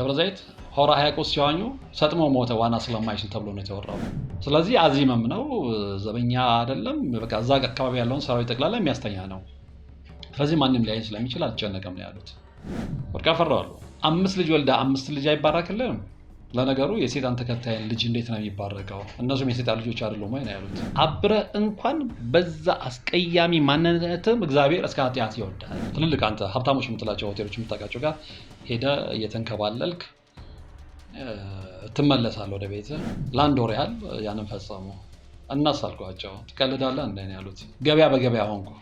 ደብረ ዘይት ሆራ ሕያቆስ ሲዋኙ ሰጥሞ ሞተ ዋና ስለማይችል ተብሎ ነው የተወራው። ስለዚህ አዚምም ነው ዘበኛ አይደለም። እዛ አካባቢ ያለውን ሰራዊት ጠቅላላ የሚያስተኛ ነው። ስለዚህ ማንም ሊያይ ስለሚችል አልጨነቀም ነው ያሉት። ወርቅ ፈረዋሉ አምስት ልጅ ወልዳ አምስት ልጅ አይባራክልንም ለነገሩ የሴጣን ተከታይን ልጅ እንዴት ነው የሚባረቀው? እነሱም የሴጣን ልጆች አይደሉም ወይ ነው ያሉት። አብረ እንኳን በዛ አስቀያሚ ማንነትም እግዚአብሔር እስከ ኃጢአት ይወዳል። ትልልቅ አንተ ሀብታሞች የምትላቸው ሆቴሎች የምታውቃቸው ጋር ሄደ እየተንከባለልክ ትመለሳለህ ወደ ቤት። ለአንድ ወር ያህል ያንን ፈጸሙ። እናሳልኳቸው ትቀልዳለ እንደ ያሉት ገበያ በገበያ ሆንኩ።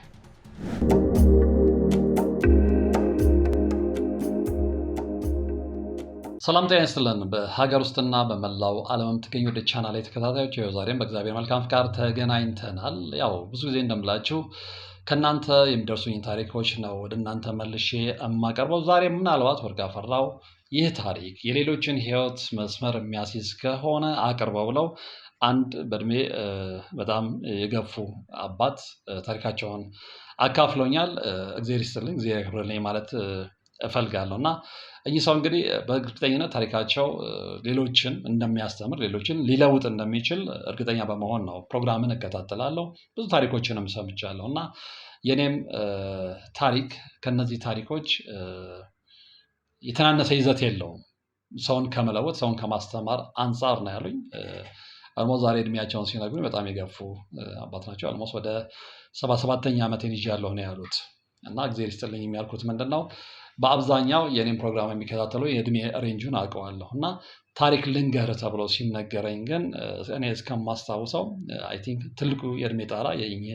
ሰላም ጤና ይስጥልን። በሀገር ውስጥና በመላው ዓለም የምትገኙ ወደ ቻናል ላይ ተከታታዮች ይኸው ዛሬም በእግዚአብሔር መልካም ፍቃድ ተገናኝተናል። ያው ብዙ ጊዜ እንደምላችሁ ከእናንተ የሚደርሱኝ ታሪኮች ነው ወደ እናንተ መልሼ የማቀርበው። ዛሬ ምናልባት ወርቅ አፈራው ይህ ታሪክ የሌሎችን ሕይወት መስመር የሚያስይዝ ከሆነ አቅርበው ብለው አንድ በእድሜ በጣም የገፉ አባት ታሪካቸውን አካፍሎኛል። እግዜር ይስጥልኝ፣ እግዜር ያክብርልኝ ማለት እፈልጋለሁ እና እኚህ ሰው እንግዲህ በእርግጠኝነት ታሪካቸው ሌሎችን እንደሚያስተምር ሌሎችን ሊለውጥ እንደሚችል እርግጠኛ በመሆን ነው ፕሮግራምን እከታተላለሁ። ብዙ ታሪኮችንም ሰምቻለሁ እና የኔም ታሪክ ከነዚህ ታሪኮች የተናነሰ ይዘት የለውም። ሰውን ከመለወጥ ሰውን ከማስተማር አንፃር ነው ያሉኝ። አልሞ ዛሬ እድሜያቸውን ሲነግሩኝ በጣም የገፉ አባት ናቸው። አልሞስ ወደ ሰባ ሰባተኛ ዓመቴን ይዣለሁ ነው ያሉት እና እግዜር ይስጥልኝ የሚያልኩት ምንድን ነው በአብዛኛው የኔም ፕሮግራም የሚከታተሉ የእድሜ ሬንጁን አውቀዋለሁ እና ታሪክ ልንገር ተብሎ ሲነገረኝ ግን እኔ እስከማስታውሰው አይ ቲንክ ትልቁ የእድሜ ጣራ የኝ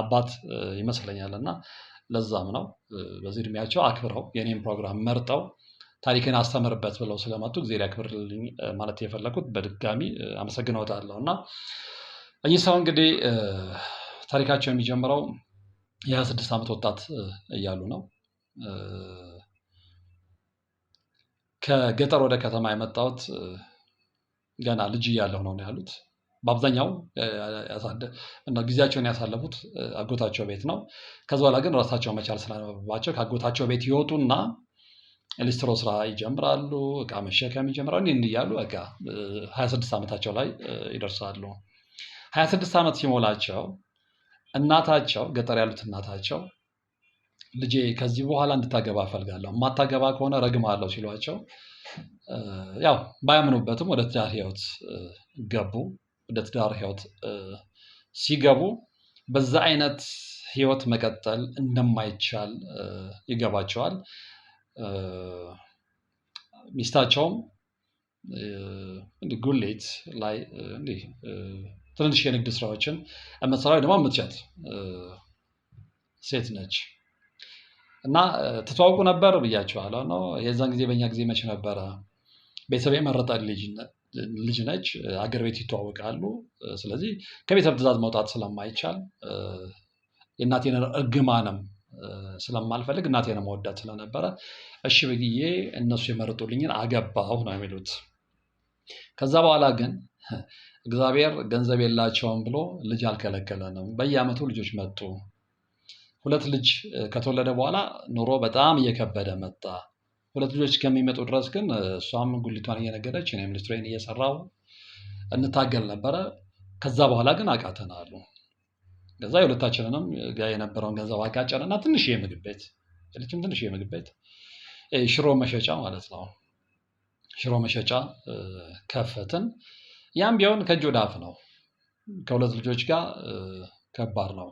አባት ይመስለኛል እና ለዛም ነው በዚህ እድሜያቸው አክብረው የኔም ፕሮግራም መርጠው ታሪክን አስተምርበት ብለው ስለመጡ ጊዜ ያክብርልኝ ማለት የፈለኩት በድጋሚ አመሰግነውታለሁ እና እኚህ ሰው እንግዲህ ታሪካቸው የሚጀምረው የ ስድስት ዓመት ወጣት እያሉ ነው። ከገጠር ወደ ከተማ የመጣሁት ገና ልጅ እያለሁ ነው ያሉት። በአብዛኛው እና ጊዜያቸውን ያሳለፉት አጎታቸው ቤት ነው። ከዚ በኋላ ግን ራሳቸው መቻል ስላለባቸው ከአጎታቸው ቤት ይወጡና ሊስትሮ ስራ ይጀምራሉ። እቃ መሸከም ይጀምራሉ። እንዲህ እያሉ በቃ ሀያ ስድስት ዓመታቸው ላይ ይደርሳሉ። ሀያ ስድስት ዓመት ሲሞላቸው እናታቸው ገጠር ያሉት እናታቸው ልጄ ከዚህ በኋላ እንድታገባ እፈልጋለሁ፣ የማታገባ ከሆነ ረግማለሁ ሲሏቸው ያው ባያምኑበትም ወደ ትዳር ህይወት ገቡ። ወደ ትዳር ህይወት ሲገቡ በዛ አይነት ህይወት መቀጠል እንደማይቻል ይገባቸዋል። ሚስታቸውም ጉሌት ላይ ትንንሽ የንግድ ስራዎችን መሰራዊ ደግሞ የምትሸጥ ሴት ነች። እና ተተዋውቁ ነበር ብያችኋለሁ ነው የዛን ጊዜ በኛ ጊዜ መቼ ነበረ ቤተሰብ የመረጠ ልጅ ነች፣ አገር ቤት ይተዋወቃሉ። ስለዚህ ከቤተሰብ ትዛዝ መውጣት ስለማይቻል የእናቴን እርግማንም ስለማልፈልግ እናቴን መወዳት ስለነበረ እሺ ብዬ እነሱ የመረጡልኝን አገባሁ ነው የሚሉት። ከዛ በኋላ ግን እግዚአብሔር ገንዘብ የላቸውም ብሎ ልጅ አልከለከለንም። በየአመቱ ልጆች መጡ። ሁለት ልጅ ከተወለደ በኋላ ኑሮ በጣም እየከበደ መጣ። ሁለት ልጆች እስከሚመጡ ድረስ ግን እሷም ጉሊቷን እየነገደች እኔም ልስትሬን እየሰራው እንታገል ነበረ። ከዛ በኋላ ግን አቃተን አሉ። ከዛ የሁለታችንንም የነበረውን ገንዘብ እና ትንሽ የምግብ ቤት ልጅም ትንሽ የምግብ ቤት ሽሮ መሸጫ ማለት ነው። ሽሮ መሸጫ ከፈትን። ያም ቢሆን ከእጅ ወደ አፍ ነው። ከሁለት ልጆች ጋር ከባድ ነው።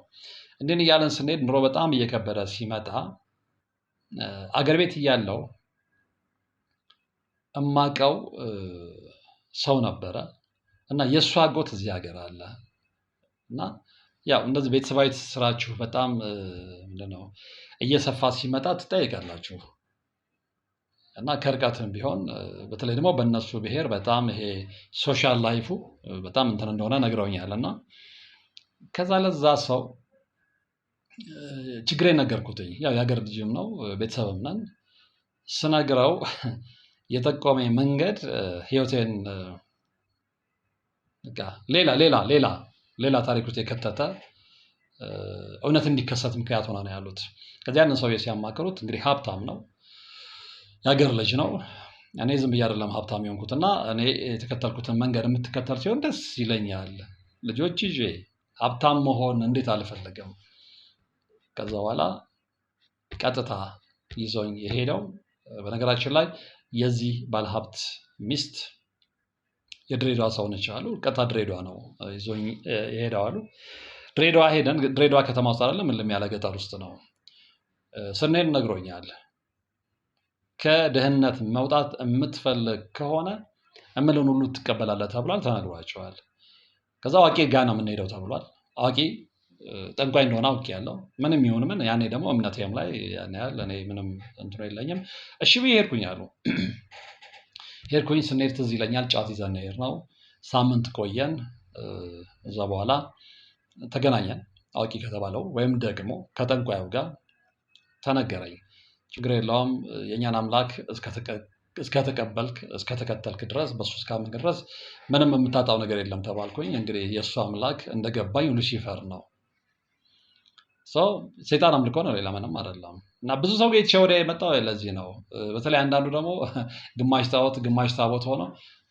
እንድን እያለን ስንሄድ ኑሮ በጣም እየከበረ ሲመጣ አገር ቤት እያለው እማቀው ሰው ነበረ እና የእሱ አጎት እዚህ ሀገር አለ እና ያው እንደዚህ ቤተሰባዊ ስራችሁ በጣም ምንድን እየሰፋ ሲመጣ ትጠይቃላችሁ እና ከርቀትም ቢሆን በተለይ ደግሞ በእነሱ ብሄር በጣም ይሄ ሶሻል ላይፉ በጣም እንትን እንደሆነ ነግረውኛል እና ከዛ ለዛ ሰው ችግሬን ነገርኩትኝ። ያው የሀገር ልጅም ነው ቤተሰብም ነን። ስነግረው የጠቆመኝ መንገድ ህይወቴን ሌላ ሌላ ሌላ ሌላ ታሪክ ውስጥ የከተተ እውነት እንዲከሰት ምክንያት ሆና ነው ያሉት። ከዚህ ያንን ሰውዬ ሲያማክሩት እንግዲህ ሀብታም ነው የሀገር ልጅ ነው። እኔ ዝም ብዬ አይደለም ሀብታም የሆንኩት እና እኔ የተከተልኩትን መንገድ የምትከተል ሲሆን ደስ ይለኛል። ልጆች ይዤ ሀብታም መሆን እንዴት አልፈለገም? ከዛ በኋላ ቀጥታ ይዞኝ የሄደው በነገራችን ላይ የዚህ ባለሀብት ሚስት የድሬዳዋ ሰው ነች አሉ። ቀጥታ ድሬዳዋ ነው ይዞኝ የሄደው አሉ። ድሬዳዋ ሄደን ድሬዳዋ ከተማ ውስጥ አይደለም ምንም ያለ ገጠር ውስጥ ነው ስንሄድ ነግሮኛል። ከድህነት መውጣት የምትፈልግ ከሆነ እምልን ሁሉ ትቀበላለህ ተብሏል፣ ተነግሯቸዋል። ከዛ አዋቂ ጋ ነው የምንሄደው ተብሏል። አዋቂ ጠንቋይ እንደሆነ አውቅ ያለው ምንም ይሁን ምን ያኔ ደግሞ እምነቴም ላይ ያል እኔ ምንም እንትኑ የለኝም። እሺ ብዬ ሄድኩኝ አሉ። ሄድኩኝ። ስንሄድ ትዝ ይለኛል ጫት ይዘን ሄድ ነው ሳምንት ቆየን። እዛ በኋላ ተገናኘን። አውቂ ከተባለው ወይም ደግሞ ከጠንቋዩ ጋር ተነገረኝ። ችግር የለውም የእኛን አምላክ እስከተቀበልክ እስከተከተልክ ድረስ በሱ እስካመንክ ድረስ ምንም የምታጣው ነገር የለም ተባልኩኝ። እንግዲህ የእሱ አምላክ እንደገባኝ ሉሲፈር ነው። ሴጣን አምልኮ ነው፣ ሌላ ምንም አይደለም። እና ብዙ ሰው ጌቼ ወደ የመጣው ለዚህ ነው። በተለይ አንዳንዱ ደግሞ ግማሽ ታቦት ግማሽ ታቦት ሆኖ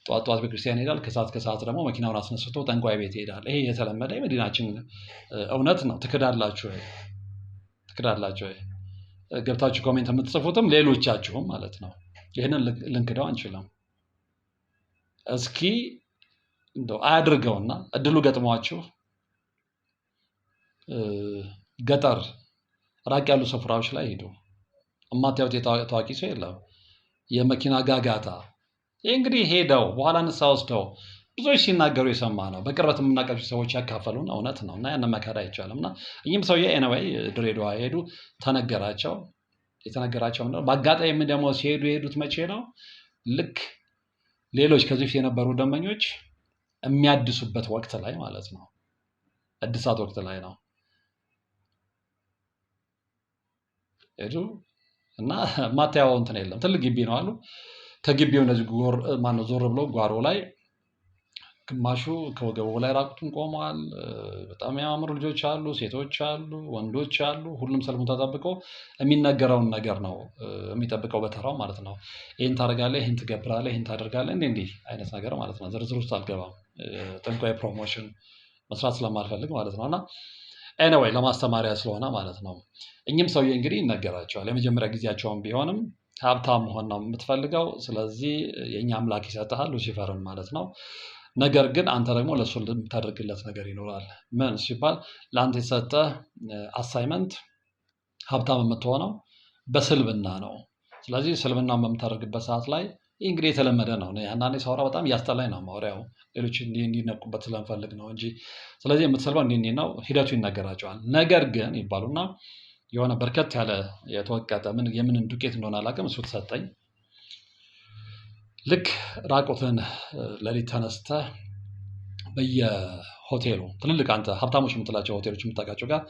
ጠዋት ጠዋት ቤተክርስቲያን ይሄዳል፣ ከሰዓት ከሰዓት ደግሞ መኪናውን አስነስቶ ጠንቋይ ቤት ይሄዳል። ይሄ የተለመደ የመዲናችን እውነት ነው። ትክዳላችሁ ትክዳላችሁ። ገብታችሁ ኮሜንት የምትጽፉትም ሌሎቻችሁም ማለት ነው። ይህንን ልንክደው አንችልም። እስኪ እንደው አያድርገውና እድሉ ገጥሟችሁ ገጠር ራቅ ያሉ ስፍራዎች ላይ ሄዱ። እማታዩት ታዋቂ ሰው የለም። የመኪና ጋጋታ ይህ እንግዲህ ሄደው በኋላ ንሳ ወስደው ብዙዎች ሲናገሩ የሰማ ነው። በቅርበት የምናውቃቸው ሰዎች ያካፈሉን እውነት ነው እና ያንን መካድ አይቻልም። እና እኝም ሰውዬ ኤነወይ ድሬዳዋ ሄዱ። ተነገራቸው የተነገራቸው ነው። በአጋጣሚ ደግሞ ሲሄዱ የሄዱት መቼ ነው? ልክ ሌሎች ከዚህ ፊት የነበሩ ደንበኞች የሚያድሱበት ወቅት ላይ ማለት ነው። እድሳት ወቅት ላይ ነው። ሄዱ እና ማታያው እንትን የለም ትልቅ ግቢ ነው አሉ። ከግቢው እነዚህ ማነው ዞር ብለው ጓሮ ላይ ግማሹ ከወገቡ ላይ ራቁቱን ቆመዋል። በጣም የሚያምሩ ልጆች አሉ፣ ሴቶች አሉ፣ ወንዶች አሉ። ሁሉም ሰልፉን ተጠብቆ የሚነገረውን ነገር ነው የሚጠብቀው በተራው ማለት ነው። ይህን ታደርጋለህ፣ ይህን ትገብራለህ፣ ይህን ታደርጋለህ፣ እንዲህ እንዲህ አይነት ነገር ማለት ነው። ዝርዝር ውስጥ አልገባም። ጠንቋይ ፕሮሞሽን መስራት ስለማልፈልግ ማለት ነው እና ኤኒዌይ ለማስተማሪያ ስለሆነ ማለት ነው። እኚህም ሰውዬ እንግዲህ ይነገራቸዋል። የመጀመሪያ ጊዜያቸውን ቢሆንም ሀብታም መሆን ነው የምትፈልገው፣ ስለዚህ የእኛ አምላክ ይሰጥሃል፣ ሉሲፈርን ማለት ነው። ነገር ግን አንተ ደግሞ ለእሱ የምታደርግለት ነገር ይኖራል። ምን ሲባል ለአንተ የተሰጠ አሳይመንት ሀብታም የምትሆነው በስልብና ነው። ስለዚህ ስልብናን በምታደርግበት ሰዓት ላይ ይህ እንግዲህ የተለመደ ነው። እኔ አንዳንዴ ሳወራ በጣም እያስጠላኝ ነው ማውሪያው ሌሎች እንዲነቁበት ስለምፈልግ ነው እንጂ ስለዚህ የምትሰልበው እንዲህ ነው ሂደቱ ይነገራቸዋል። ነገር ግን ይባሉና የሆነ በርከት ያለ የተወቀጠ ምን የምን ዱቄት እንደሆነ አላውቅም፣ እሱ ተሰጠኝ። ልክ ራቁትን ሌሊት ተነስተ በየሆቴሉ ትልልቅ አንተ ሀብታሞች የምትላቸው ሆቴሎች የምታውቃቸው ጋር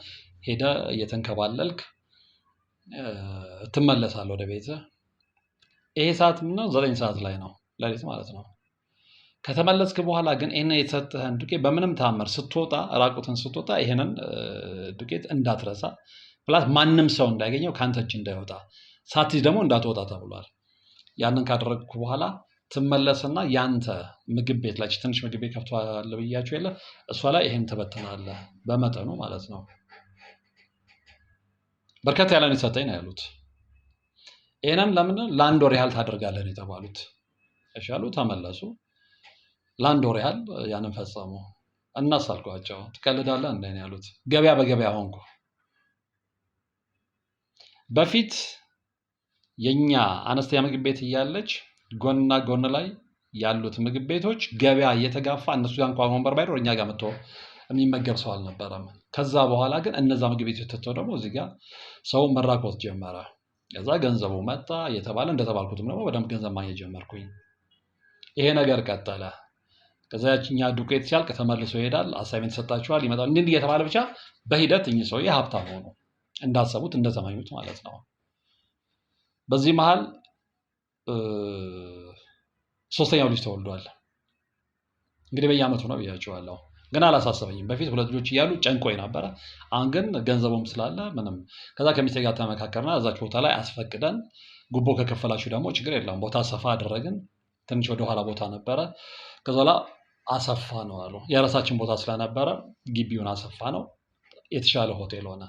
ሄደ እየተንከባለልክ ትመለሳለህ ወደ ቤትህ። ይሄ ሰዓት ምነው ዘጠኝ ሰዓት ላይ ነው ለሊት ማለት ነው። ከተመለስክ በኋላ ግን ይህን የተሰጥህን ዱቄት በምንም ታምር ስትወጣ ራቁትን ስትወጣ ይህንን ዱቄት እንዳትረሳ፣ ፕላስ ማንም ሰው እንዳያገኘው ከአንተች እንዳይወጣ፣ ሳትጅ ደግሞ እንዳትወጣ ተብሏል። ያንን ካደረግኩ በኋላ ትመለስና ያንተ ምግብ ቤት ላይ ትንሽ ምግብ ቤት ከፍተዋል ብያቸው የለ እሷ ላይ ይህን ትበትናለ በመጠኑ ማለት ነው። በርከት ያለን የሰጠኝ ነው ያሉት። ይህንም ለምን ለአንድ ወር ያህል ታደርጋለን የተባሉት እሻሉ ተመለሱ። ለአንድ ወር ያህል ያንን ፈጸሙ። እናስ አልኳቸው ትቀልዳለህ ያሉት ገበያ በገበያ ሆንኩ። በፊት የኛ አነስተኛ ምግብ ቤት እያለች ጎንና ጎን ላይ ያሉት ምግብ ቤቶች ገበያ እየተጋፋ እነሱ ጋር እንኳን ወንበር ባይኖር እኛ ጋር መጥቶ የሚመገብ ሰው አልነበረም። ከዛ በኋላ ግን እነዛ ምግብ ቤቶች ተተው ደግሞ እዚህ ጋር ሰው መራቆት ጀመረ። ከዛ ገንዘቡ መጣ እየተባለ እንደተባልኩትም ደግሞ በደንብ ገንዘብ ማግኘት ጀመርኩኝ። ይሄ ነገር ቀጠለ። ከዛ ያችኛ ዱቄት ሲያልቅ ተመልሶ ይሄዳል፣ አሳይመንት ተሰጣችኋል፣ ይመጣል፣ እንዲህ እየተባለ ብቻ በሂደት እኚህ ሰውዬ ሀብታም ሆኑ። እንዳሰቡት እንደተመኙት ማለት ነው። በዚህ መሀል ሶስተኛው ልጅ ተወልዷል። እንግዲህ በየአመቱ ነው ብያቸዋለሁ። ግን አላሳሰበኝም። በፊት ሁለት ልጆች እያሉ ጨንቆኝ ነበረ። አሁን ግን ገንዘቡም ስላለ ምንም ከዛ ከሚስቴ ጋር ተመካከርና እዛች ቦታ ላይ አስፈቅደን ጉቦ ከከፈላችሁ ደግሞ ችግር የለም ቦታ ሰፋ አደረግን። ትንሽ ወደኋላ ቦታ ነበረ። ከዛላ አሰፋ ነው አሉ። የራሳችን ቦታ ስለነበረ ግቢውን አሰፋ ነው የተሻለ ሆቴል ሆነ።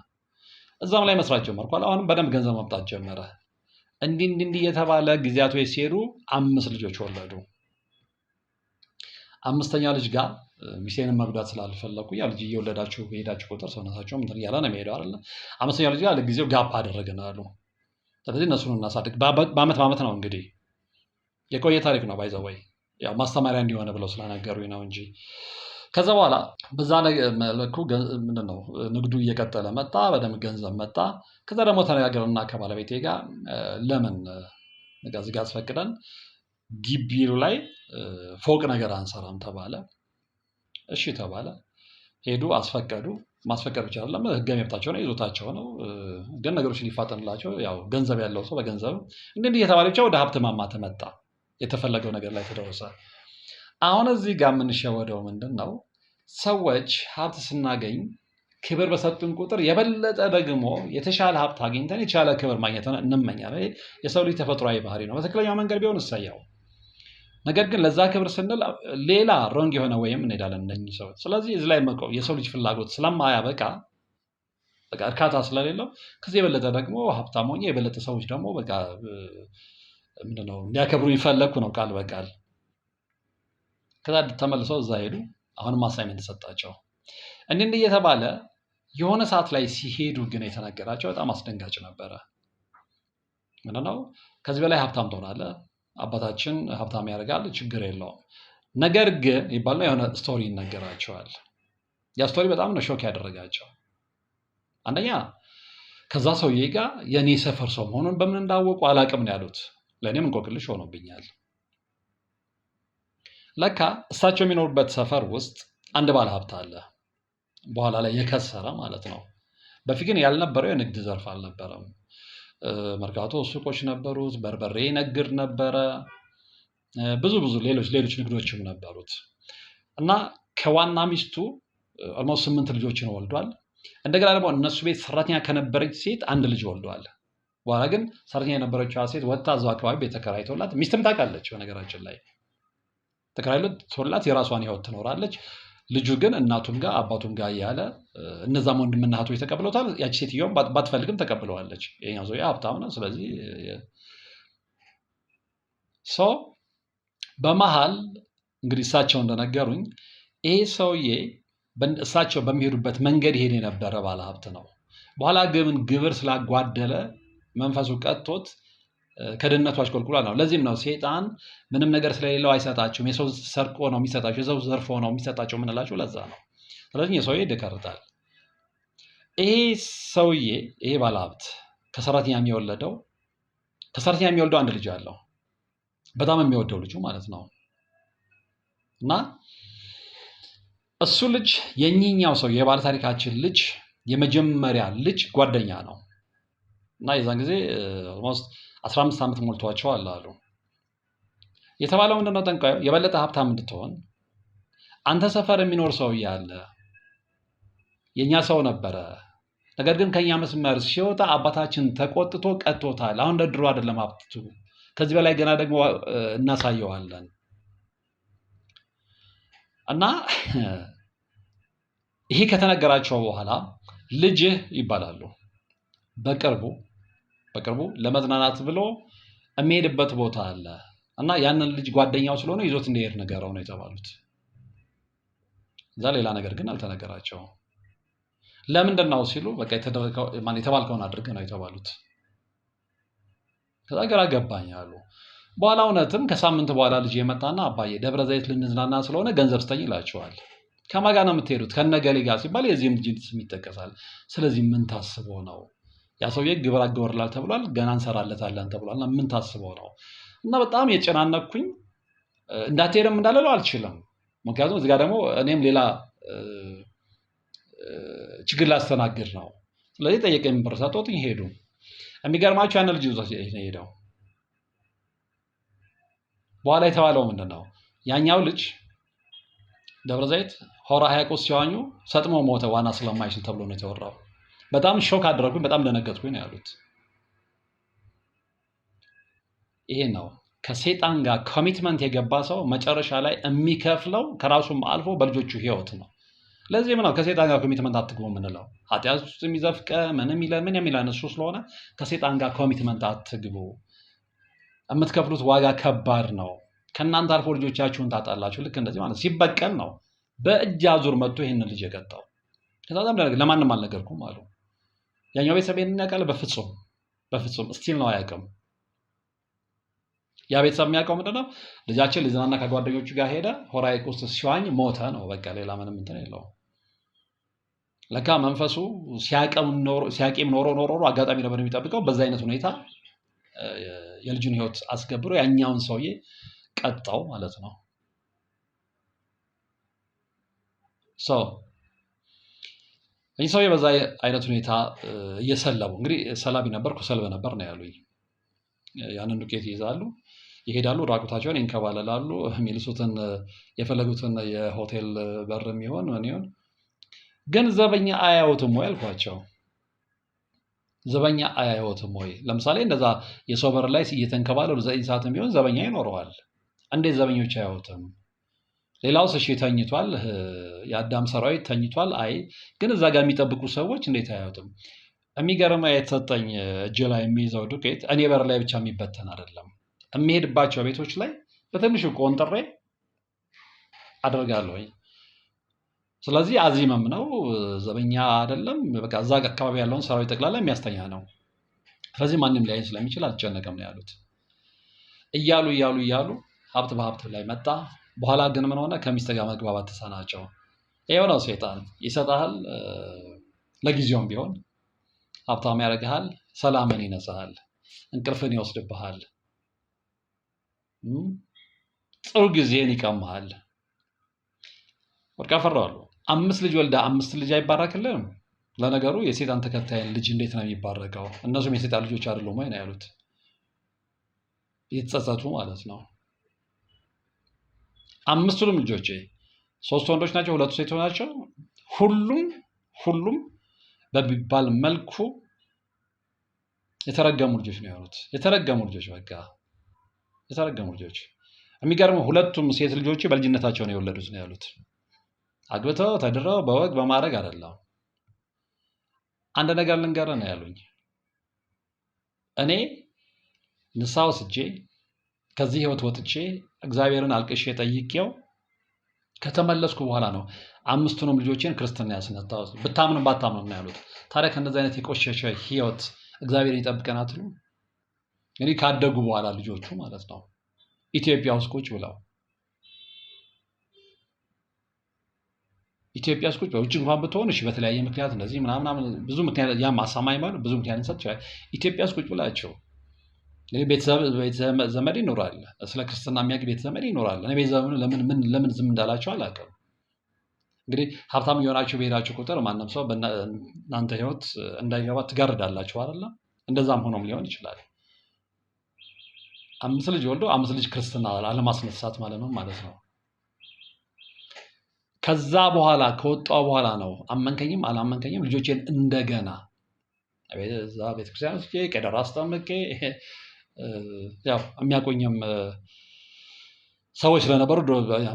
እዛም ላይ መስራት ጀመርኳል። አሁንም በደንብ ገንዘብ መምጣት ጀመረ። እንዲ እንዲ እየተባለ ጊዜያቶች ሲሄዱ አምስት ልጆች ወለዱ። አምስተኛ ልጅ ጋር ሚስቴንም መጉዳት ስላልፈለኩ ያ ልጅ እየወለዳችሁ ሄዳችሁ ቁጥር ሰውነታቸውም እንትን እያለ ነው የሚሄደው አለ አምስተኛ ልጅ ጋር ለጊዜው ጋፕ አደረግን አሉ። ስለዚህ እነሱን እናሳድግ። በአመት በአመት ነው እንግዲህ የቆየ ታሪክ ነው ባይዘወይ ያው ማስተማሪያ እንዲሆነ ብለው ስለነገሩ ነው እንጂ ከዛ በኋላ በዛ መልኩ ምንድነው ንግዱ እየቀጠለ መጣ። በደንብ ገንዘብ መጣ። ከዛ ደግሞ ተነጋገርና ከባለቤቴ ጋር ለምን ጋዝጋ ጋር አስፈቅደን ግቢው ላይ ፎቅ ነገር አንሰራም ተባለ። እሺ ተባለ። ሄዱ አስፈቀዱ ማስፈቀድ ብቻ አይደለም ህገ መብታቸው ነው ይዞታቸው ነው። ግን ነገሮች ሊፋጠንላቸው ያው ገንዘብ ያለው ሰው በገንዘብ እንግዲህ እንዲህ እየተባለ ብቻ ወደ ሀብት ማማ ተመጣ የተፈለገው ነገር ላይ ተደረሰ። አሁን እዚህ ጋር የምንሸወደው ምንድን ነው? ሰዎች ሀብት ስናገኝ ክብር በሰጡን ቁጥር የበለጠ ደግሞ የተሻለ ሀብት አግኝተን የተሻለ ክብር ማግኘት እንመኛለን። የሰው ልጅ ተፈጥሯዊ ባህሪ ነው። በትክክለኛው መንገድ ቢሆን እሰየው ነገር ግን ለዛ ክብር ስንል ሌላ ሮንግ የሆነ ወይም እንሄዳለን እነኚህ ሰዎች። ስለዚህ እዚህ ላይ መቆም የሰው ልጅ ፍላጎት ስለማያበቃ በቃ እርካታ ስለሌለው ከዚህ የበለጠ ደግሞ ሀብታም ሆኜ የበለጠ ሰዎች ደግሞ በቃ ምንድነው እንዲያከብሩ ይፈለግኩ ነው ቃል በቃል። ከዛ ተመልሰው እዛ ሄዱ። አሁንም አሳይመንት ተሰጣቸው። እንዲህ እየተባለ የሆነ ሰዓት ላይ ሲሄዱ ግን የተነገራቸው በጣም አስደንጋጭ ነበረ። ምንድነው ከዚህ በላይ ሀብታም ትሆናለህ አባታችን ሀብታም ያደርጋል፣ ችግር የለውም ነገር ግን ይባልና የሆነ ስቶሪ ይነገራቸዋል። ያ ስቶሪ በጣም ነው ሾክ ያደረጋቸው። አንደኛ ከዛ ሰውዬ ጋር የእኔ ሰፈር ሰው መሆኑን በምን እንዳወቁ አላቅም ነው ያሉት። ለእኔም እንቆቅልሽ ሆኖብኛል። ለካ እሳቸው የሚኖሩበት ሰፈር ውስጥ አንድ ባለ ሀብት አለ፣ በኋላ ላይ የከሰረ ማለት ነው። በፊት ግን ያልነበረው የንግድ ዘርፍ አልነበረም። መርካቶ ሱቆች ነበሩት፣ በርበሬ ነግድ ነበረ። ብዙ ብዙ ሌሎች ሌሎች ንግዶችም ነበሩት እና ከዋና ሚስቱ ኦልሞስት ስምንት ልጆችን ወልዷል። እንደገና ደግሞ እነሱ ቤት ሰራተኛ ከነበረች ሴት አንድ ልጅ ወልዷል። በኋላ ግን ሰራተኛ የነበረችው ሴት ወጥታ እዛው አካባቢ ቤት ተከራይቶላት፣ ሚስትም ታውቃለች በነገራችን ላይ ተከራይቶላት የራሷን ህይወት ትኖራለች። ልጁ ግን እናቱም ጋር አባቱም ጋር እያለ እነዛም ወንድምና እህቶች ተቀብለውታል። ያቺ ሴትዮዋም ባትፈልግም ተቀብለዋለች። ይኛው ሰው ሀብታም ነው። ስለዚህ ሰው በመሀል እንግዲህ እሳቸው እንደነገሩኝ ይሄ ሰውዬ እሳቸው በሚሄዱበት መንገድ ይሄድ የነበረ ባለሀብት ነው። በኋላ ግን ግብር ስላጓደለ መንፈሱ ቀጥቶት ከድህነቱ አሽቆልቁሏል ነው። ለዚህም ነው ሴጣን ምንም ነገር ስለሌለው አይሰጣቸውም የሰው ሰርቆ ነው የሚሰጣቸው፣ የሰው ዘርፎ ነው የሚሰጣቸው ምንላቸው። ለዛ ነው። ስለዚህ የሰውዬ ይደከርታል። ይሄ ሰውዬ ይሄ ባለሀብት ከሰራተኛ የሚወለደው ከሰራተኛ የሚወልደው አንድ ልጅ አለው፣ በጣም የሚወደው ልጁ ማለት ነው። እና እሱ ልጅ የኝኛው ሰው የባለታሪካችን ልጅ የመጀመሪያ ልጅ ጓደኛ ነው። እና የዛን ጊዜ ኦልሞስት 15 ዓመት ሞልቷቸዋል አላሉ። የተባለው ምንድነው ጠንቋዩ የበለጠ ሀብታም እንድትሆን አንተ ሰፈር የሚኖር ሰው እያለ የእኛ ሰው ነበረ። ነገር ግን ከኛ መስመር ሲወጣ አባታችን ተቆጥቶ ቀጥቶታል። አሁን እንደ ድሮ አይደለም ሀብቱ፣ ከዚህ በላይ ገና ደግሞ እናሳየዋለን እና ይሄ ከተነገራቸው በኋላ ልጅህ ይባላሉ በቅርቡ በቅርቡ ለመዝናናት ብሎ የሚሄድበት ቦታ አለ እና ያንን ልጅ ጓደኛው ስለሆነ ይዞት እንደሄድ ንገረው ነው የተባሉት። እዛ ሌላ ነገር ግን አልተነገራቸውም። ለምንድን ነው ሲሉ በቃ የተባልከውን አድርገህ ነው የተባሉት። ከዛ ግራ ገባኝ አሉ። በኋላ እውነትም ከሳምንት በኋላ ልጅ የመጣና አባዬ ደብረ ዘይት ልንዝናና ስለሆነ ገንዘብ ስጠኝ ይላቸዋል። ከማን ጋር ነው የምትሄዱት? ከነገሌ ጋር ሲባል የዚህም ልጅ ስም ይጠቀሳል። ስለዚህ ምን ታስቦ ነው ያ ሰውዬ ግብር አግብርላል ተብሏል። ገና እንሰራለታለን ተብሏል። ምን ታስበው ነው? እና በጣም የጨናነኩኝ እንዳትሄደም እንዳለለው አልችልም። ምክንያቱም እዚጋ ደግሞ እኔም ሌላ ችግር ላስተናግድ ነው። ስለዚህ ጠየቀኝ። የሚበረሳጦትኝ ሄዱ። የሚገርማቸው ያን ልጅ ሄደው በኋላ የተባለው ምንድን ነው? ያኛው ልጅ ደብረዘይት ሆራ ሐይቅ ሲዋኙ ሰጥሞ ሞተ ዋና ስለማይችል ተብሎ ነው የተወራው። በጣም ሾክ አደረጉኝ፣ በጣም ደነገጥኩኝ ነው ያሉት። ይሄ ነው ከሴጣን ጋር ኮሚትመንት የገባ ሰው መጨረሻ ላይ የሚከፍለው ከራሱም አልፎ በልጆቹ ህይወት ነው። ለዚህም ነው ከሴጣን ጋር ኮሚትመንት አትግቡ የምንለው። ኃጢአት ውስጥ የሚዘፍቀ ምንም ምን ምን የሚለን እሱ ስለሆነ ከሴጣን ጋር ኮሚትመንት አትግቡ። የምትከፍሉት ዋጋ ከባድ ነው። ከእናንተ አልፎ ልጆቻችሁን ታጣላችሁ። ልክ እንደዚህ ማለት ሲበቀል ነው በእጅ አዙር መጥቶ ይህንን ልጅ የቀጣው። ለማንም አልነገርኩም አሉ። ያኛው ቤተሰብ ይህንን ያውቃል? በፍጹም በፍጹም እስቲል ነው አያውቅም። ያ ቤተሰብ የሚያውቀው ምንድነው? ልጃችን ሊዝናና ከጓደኞቹ ጋር ሄደ፣ ሆራይቅ ውስጥ ሲዋኝ ሞተ ነው በቃ። ሌላ ምንም እንትን የለው። ለካ መንፈሱ ሲያቂም ኖሮ ኖሮ አጋጣሚ ነበር የሚጠብቀው። በዛ አይነት ሁኔታ የልጁን ህይወት አስገብሮ ያኛውን ሰውዬ ቀጣው ማለት ነው። እኚህ ሰውዬ በዛ አይነት ሁኔታ እየሰለቡ እንግዲህ ሰላቢ ነበርኩ ሰልበ ነበር ነው ያሉኝ። ያንን ዱቄት ይይዛሉ፣ ይሄዳሉ፣ ራቁታቸውን ይንከባለላሉ። የሚልሱትን የፈለጉትን የሆቴል በር የሚሆን ምን ይሆን ግን ዘበኛ አያዩትም ወይ አልኳቸው። ዘበኛ አያዩትም ወይ? ለምሳሌ እንደዛ የሰው በር ላይ እየተንከባለሉ ዘጠኝ ሰዓትም ቢሆን ዘበኛ ይኖረዋል። እንዴት ዘበኞች አያዩትም? ሌላው እሺ ተኝቷል፣ የአዳም ሰራዊት ተኝቷል። አይ ግን እዛ ጋር የሚጠብቁ ሰዎች እንዴት አያዩትም? የሚገርመ የተሰጠኝ እጅ ላይ የሚይዘው ዱቄት እኔ በር ላይ ብቻ የሚበተን አይደለም። የሚሄድባቸው ቤቶች ላይ በትንሹ ቆንጥሬ አደርጋለሁኝ። ስለዚህ አዚመም ነው፣ ዘበኛ አይደለም። በቃ እዛ አካባቢ ያለውን ሰራዊት ጠቅላላ የሚያስተኛ ነው። ስለዚህ ማንም ሊያይ ስለሚችል አልጨነቅም ነው ያሉት። እያሉ እያሉ እያሉ ሀብት በሀብት ላይ መጣ። በኋላ ግን ምን ሆነ? ከሚስት ጋር መግባባት ተሳናቸው። ይኸው ነው ሴጣን። ይሰጣል ለጊዜውም ቢሆን ሀብታም ያደርግሃል፣ ሰላምን ይነሳሃል፣ እንቅልፍን ይወስድብሃል፣ ጥሩ ጊዜን ይቀምሃል። ወርቅ ፈራዋሉ። አምስት ልጅ ወልዳ አምስት ልጅ አይባረክልን ለነገሩ የሴጣን ተከታይን ልጅ እንዴት ነው የሚባረቀው? እነሱም የሴጣን ልጆች አይደሉም ወይ ነው ያሉት። የተጸጸቱ ማለት ነው። አምስቱንም ልጆቼ ሶስት ወንዶች ናቸው፣ ሁለቱ ሴቶች ናቸው። ሁሉም ሁሉም በሚባል መልኩ የተረገሙ ልጆች ነው የሆኑት። የተረገሙ ልጆች በቃ የተረገሙ ልጆች። የሚገርመው ሁለቱም ሴት ልጆች በልጅነታቸው ነው የወለዱት ነው ያሉት። አግብተው ተድረው በወግ በማድረግ አይደለም። አንድ ነገር ልንገረ ነው ያሉኝ። እኔ ንስሐ ወስጄ ከዚህ ህይወት ወጥቼ እግዚአብሔርን አልቅሼ ጠይቄው ከተመለስኩ በኋላ ነው አምስቱንም ልጆችን ክርስትና ያስነታ ብታምንም ባታምንም ነው ያሉት። ታዲያ ከእንደዚህ አይነት የቆሸሸ ህይወት እግዚአብሔር ይጠብቀን አትሉ? እንግዲህ ካደጉ በኋላ ልጆቹ ማለት ነው ኢትዮጵያ ውስጥ ቁጭ ብለው ኢትዮጵያ ውስጥ ቁጭ በውጭ እንኳን ብትሆን እሺ፣ በተለያየ ምክንያት እንደዚህ ምናምን ብዙ ምክንያት ያ አሳማኝ ማለት ብዙ ምክንያት ሰጥ ይችላል። ኢትዮጵያ ውስጥ ቁጭ ብላቸው ቤተዘመድ ይኖራል። ስለ ክርስትና የሚያውቅ ቤተዘመድ ይኖራል። እኔ ቤተ ለምን ለምን ለምን ዝም እንዳላቸው አላውቅም። እንግዲህ ሀብታም የሆናችሁ በሄዳችሁ ቁጥር ማንም ሰው እናንተ ህይወት እንዳይገባ ትጋርዳላችሁ አይደለም። እንደዛም ሆኖም ሊሆን ይችላል። አምስት ልጅ ወልዶ አምስት ልጅ ክርስትና አለማስነሳት ማለት ነው ማለት ነው። ከዛ በኋላ ከወጣ በኋላ ነው አመንከኝም አላመንከኝም ልጆቼን እንደገና እዛ ቤተክርስቲያን ውስጥ አስጠምቄ ያው የሚያቆኝም ሰዎች ስለነበሩ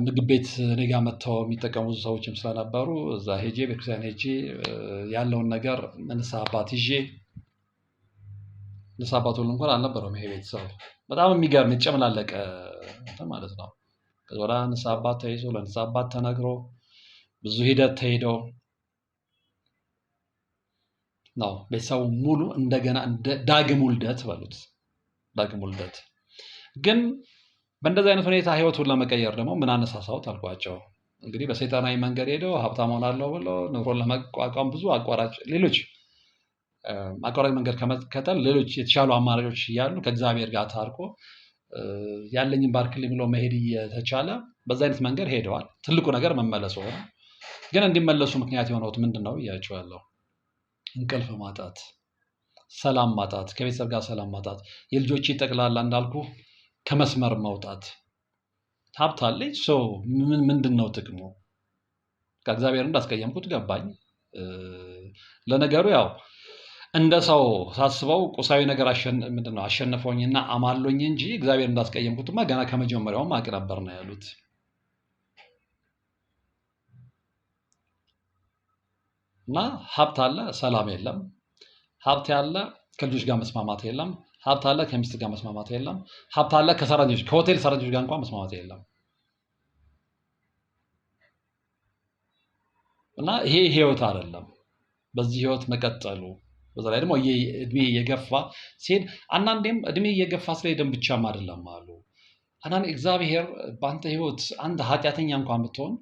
ምግብ ቤት እኔ ጋ መጥተው የሚጠቀሙ ሰዎችም ስለነበሩ እዛ ሄጄ ቤተክርስቲያን ሄጄ ያለውን ነገር ንስሐ አባት ይዤ ንስሐ አባት ሁሉ እንኳን አልነበረም ይሄ ቤተሰብ በጣም የሚገርም የተጨመላለቀ ማለት ነው። ከዛ ወዲያ ንስሐ አባት ተይዞ ለንስሐ አባት ተነግሮ ብዙ ሂደት ተሄዶ ነው ቤተሰቡ ሙሉ እንደገና እንደ ዳግም ውልደት በሉት ዳግም ውልደት። ግን በእንደዚህ አይነት ሁኔታ ህይወቱን ለመቀየር ደግሞ ምን አነሳሳውት አልኳቸው። እንግዲህ በሰይጣናዊ መንገድ ሄደው ሀብታም ሆናለሁ ብሎ ኑሮን ለመቋቋም ብዙ አቋራጭ ሌሎች አቋራጭ መንገድ ከመከተል ሌሎች የተሻሉ አማራጮች እያሉ ከእግዚአብሔር ጋር ታርቆ ያለኝን ባርክል ብሎ መሄድ እየተቻለ በዛ አይነት መንገድ ሄደዋል። ትልቁ ነገር መመለስ ሆነ። ግን እንዲመለሱ ምክንያት የሆነት ምንድን ነው ብያቸዋለሁ። እንቅልፍ ማጣት ሰላም ማጣት፣ ከቤተሰብ ጋር ሰላም ማጣት፣ የልጆች ጠቅላላ እንዳልኩ ከመስመር መውጣት። ሀብት ሰው ምንድን ነው ጥቅሙ? ከእግዚአብሔር እንዳስቀየምኩት ገባኝ። ለነገሩ ያው እንደ ሰው ሳስበው ቁሳዊ ነገር ምንድን ነው አሸንፎኝና አማሎኝ እንጂ እግዚአብሔር እንዳስቀየምኩትማ ገና ከመጀመሪያውም አውቅ ነበር ነው ያሉት። እና ሀብት አለ፣ ሰላም የለም። ሀብት ያለ ከልጆች ጋር መስማማት የለም። ሀብት አለ ከሚስት ጋር መስማማት የለም። ሀብት አለ ከሰራተኞች ከሆቴል ሰራተኞች ጋር እንኳን መስማማት የለም። እና ይሄ ህይወት አይደለም። በዚህ ህይወት መቀጠሉ በዛ ላይ ደግሞ እድሜ እየገፋ ሲሄድ አንዳንዴም እድሜ እየገፋ ስለሄደን ብቻም አይደለም አሉ አንዳንድ እግዚአብሔር በአንተ ህይወት አንድ ኃጢአተኛ እንኳን ብትሆን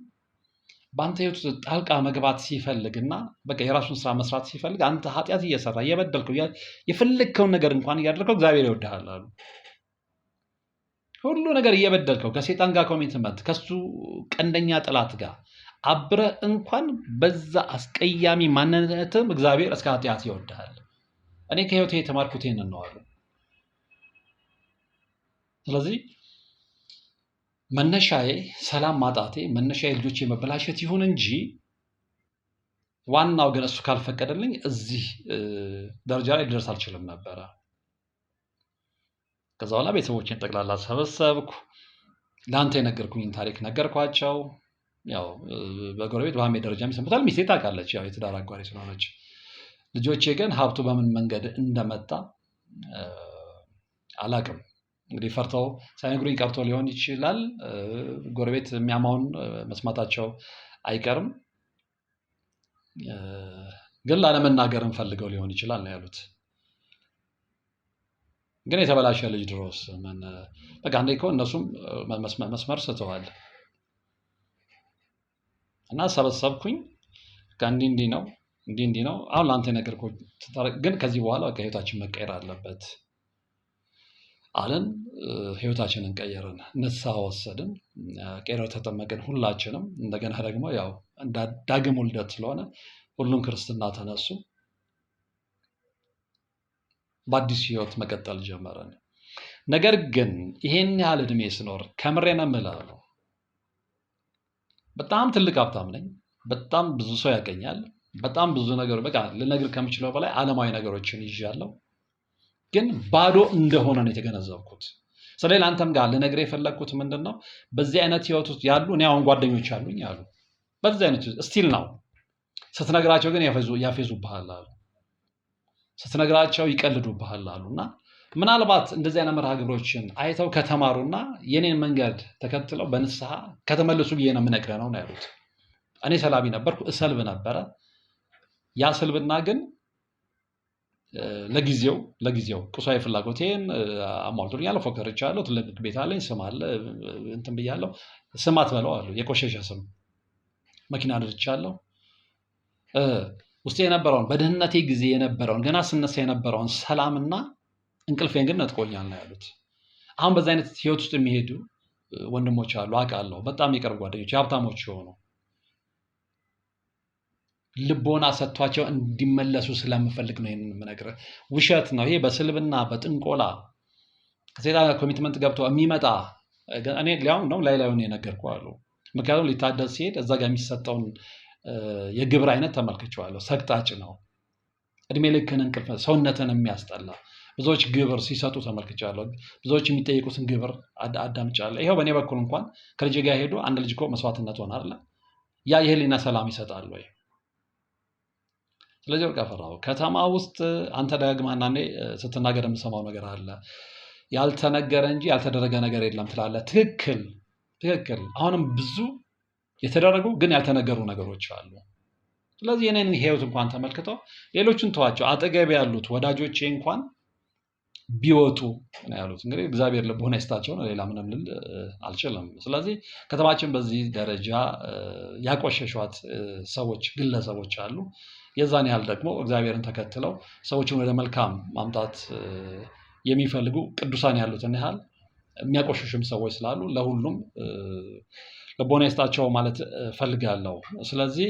በአንተ ህይወት ጣልቃ መግባት ሲፈልግና በቃ የራሱን ስራ መስራት ሲፈልግ አንተ ኃጢአት እየሰራ እየበደልከው የፈለግከውን ነገር እንኳን እያደረገው እግዚአብሔር ይወድሃል አሉ። ሁሉ ነገር እየበደልከው ከሴጣን ጋር ኮሚትመንት ከሱ ቀንደኛ ጥላት ጋር አብረ እንኳን በዛ አስቀያሚ ማንነትም እግዚአብሔር እስከ ኃጢአት ይወድሃል። እኔ ከህይወት የተማርኩት ይህን ነው አሉ። ስለዚህ መነሻዬ ሰላም ማጣቴ፣ መነሻዬ ልጆቼ መበላሸት ይሁን እንጂ ዋናው ግን እሱ ካልፈቀደልኝ እዚህ ደረጃ ላይ ልደርስ አልችልም ነበረ። ከዛ በኋላ ቤተሰቦችን ጠቅላላ ሰበሰብኩ። ለአንተ የነገርኩኝን ታሪክ ነገርኳቸው። ያው በጎረቤት በሀሜ ደረጃ የሚሰሙታል። ሚስቴ ታውቃለች፣ ያው የትዳር አጓሪ ስለሆነች። ልጆቼ ግን ሀብቱ በምን መንገድ እንደመጣ አላቅም። እንግዲህ ፈርተው ሳይነግሩኝ ቀርቶ ሊሆን ይችላል። ጎረቤት የሚያማውን መስማታቸው አይቀርም፣ ግን ላለመናገርም ፈልገው ሊሆን ይችላል ነው ያሉት። ግን የተበላሸ ልጅ ድሮስ ምን በቃ አንዴ እኮ እነሱም መስመር ስተዋል እና ሰበሰብኩኝ። እንዲህ እንዲህ ነው እንዲህ እንዲህ ነው አሁን ለአንተ የነገርኩህ፣ ግን ከዚህ በኋላ በቃ ህይወታችን መቀየር አለበት አለን ህይወታችንን ቀየርን፣ ንስሐ ወሰድን፣ ቄሮ ተጠመቅን። ሁላችንም እንደገና ደግሞ ያው ዳግም ውልደት ስለሆነ ሁሉም ክርስትና ተነሱ፣ በአዲስ ህይወት መቀጠል ጀመረን። ነገር ግን ይሄን ያህል እድሜ ስኖር ከምሬን እምላለሁ፣ በጣም ትልቅ ሀብታም ነኝ። በጣም ብዙ ሰው ያገኛል። በጣም ብዙ ነገሮች በቃ ልነግር ከምችለው በላይ አለማዊ ነገሮችን ይዣለሁ። ግን ባዶ እንደሆነ ነው የተገነዘብኩት። ስለዚህ ለአንተም ጋር ልነግር የፈለግኩት ምንድን ነው፣ በዚህ አይነት ህይወት ውስጥ ያሉ እኔ አሁን ጓደኞች አሉኝ አሉ። በዚህ አይነት ስቲል ነው ስትነግራቸው፣ ግን ያፌዙብሃል አሉ። ስትነግራቸው ይቀልዱብሃል አሉ። እና ምናልባት እንደዚህ አይነት መርሃ ግብሮችን አይተው ከተማሩና የኔን መንገድ ተከትለው በንስሐ ከተመለሱ ብዬ ነው የምነግርህ ነው ያሉት። እኔ ሰላቢ ነበርኩ፣ እሰልብ ነበረ። ያ ስልብና ግን ለጊዜው ለጊዜው ቁሳዊ ፍላጎቴን አሟልቶልኛል። ያለው ትልቅ ቤት አለኝ። ስም አለ። እንትን ብያለው፣ ስም አትበለው አሉ። የቆሸሸ ስም መኪና ነድቻለሁ። ውስጤ የነበረውን በድህነቴ ጊዜ የነበረውን ገና ስነሳ የነበረውን ሰላምና እንቅልፌን ግን ነጥቆኛል ነው ያሉት። አሁን በዛ አይነት ህይወት ውስጥ የሚሄዱ ወንድሞች አሉ አውቃለሁ። በጣም የቅርብ ጓደኞች የሀብታሞች የሆኑ ልቦና ሰጥቷቸው እንዲመለሱ ስለምፈልግ ነው ይህንን የምነግርህ። ውሸት ነው ይሄ። በስልብና በጥንቆላ ከሴጣ ኮሚትመንት ገብቶ የሚመጣ እኔ ሊያውም ነው ላይ ላዩን የነገርኩህ አሉ። ምክንያቱም ሊታደስ ሲሄድ እዛ ጋር የሚሰጠውን የግብር አይነት ተመልክቼዋለሁ። ሰግጣጭ ነው። እድሜ ልክን እንቅልፍ፣ ሰውነትን የሚያስጠላ ብዙዎች ግብር ሲሰጡ ተመልክቻለሁ። ብዙዎች የሚጠይቁትን ግብር አዳምጫለሁ። ይኸው በእኔ በኩል እንኳን ከልጅ ጋር ሄዱ አንድ ልጅ እኮ መስዋዕትነት ሆነ አለ ያ የህሊና ሰላም ይሰጣል ወይ? ስለዚህ ወርቅ አፈራው ከተማ ውስጥ አንተ ዳግም አንዳንዴ ስትናገር የምሰማው ነገር አለ። ያልተነገረ እንጂ ያልተደረገ ነገር የለም ትላለህ። ትክክል ትክክል። አሁንም ብዙ የተደረጉ ግን ያልተነገሩ ነገሮች አሉ። ስለዚህ የኔን ህይወት እንኳን ተመልክተው ሌሎችን ተዋቸው፣ አጠገብ ያሉት ወዳጆቼ እንኳን ቢወጡ ነው ያሉት። እንግዲህ እግዚአብሔር ልቦና ይስጣቸው ነው፣ ሌላ ምንም ልል አልችልም። ስለዚህ ከተማችን በዚህ ደረጃ ያቆሸሿት ሰዎች፣ ግለሰቦች አሉ። የዛን ያህል ደግሞ እግዚአብሔርን ተከትለው ሰዎችን ወደ መልካም ማምጣት የሚፈልጉ ቅዱሳን ያሉትን ያህል የሚያቆሽሽም ሰዎች ስላሉ ለሁሉም ልቦና ይስጣቸው ማለት ፈልጋለሁ። ስለዚህ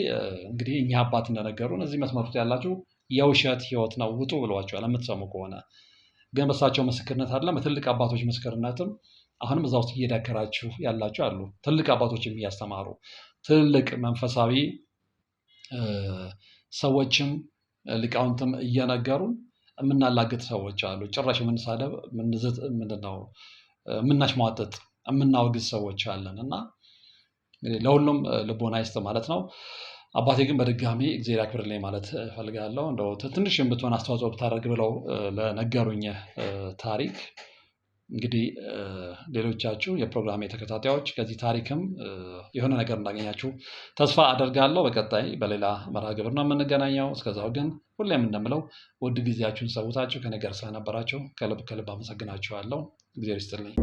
እንግዲህ እኛ አባት እንደነገሩ እነዚህ መስመር ያላችሁ የውሸት ህይወት ነው ውጡ ብሏቸዋል። የምትሰሙ ከሆነ ግን በሳቸው ምስክርነት አለ በትልቅ አባቶች ምስክርነትም አሁንም እዛ ውስጥ እየዳከራችሁ ያላችሁ አሉ። ትልቅ አባቶች እያስተማሩ ትልቅ መንፈሳዊ ሰዎችም ሊቃውንትም እየነገሩን የምናላግጥ ሰዎች አሉ። ጭራሽ የምንሳደብ ምንድን ነው የምናሽሟጥጥ የምናወግዝ ሰዎች አለን እና ለሁሉም ልቦና ይስጥ ማለት ነው። አባቴ ግን በድጋሚ እግዚአብሔር ያክብርልኝ ማለት እፈልጋለሁ። እንደው ትንሽ የምትሆን አስተዋጽኦ ብታደርግ ብለው ለነገሩኝ ታሪክ እንግዲህ ሌሎቻችሁ የፕሮግራም ተከታታዮች ከዚህ ታሪክም የሆነ ነገር እንዳገኛችሁ ተስፋ አደርጋለሁ። በቀጣይ በሌላ መርሃ ግብር ነው የምንገናኘው። እስከዛው ግን ሁሌም እንደምለው ውድ ጊዜያችሁን ሰውታችሁ ከነገር ስለነበራችሁ ከልብ ከልብ አመሰግናችኋለሁ። እግዜር ይስጥልኝ።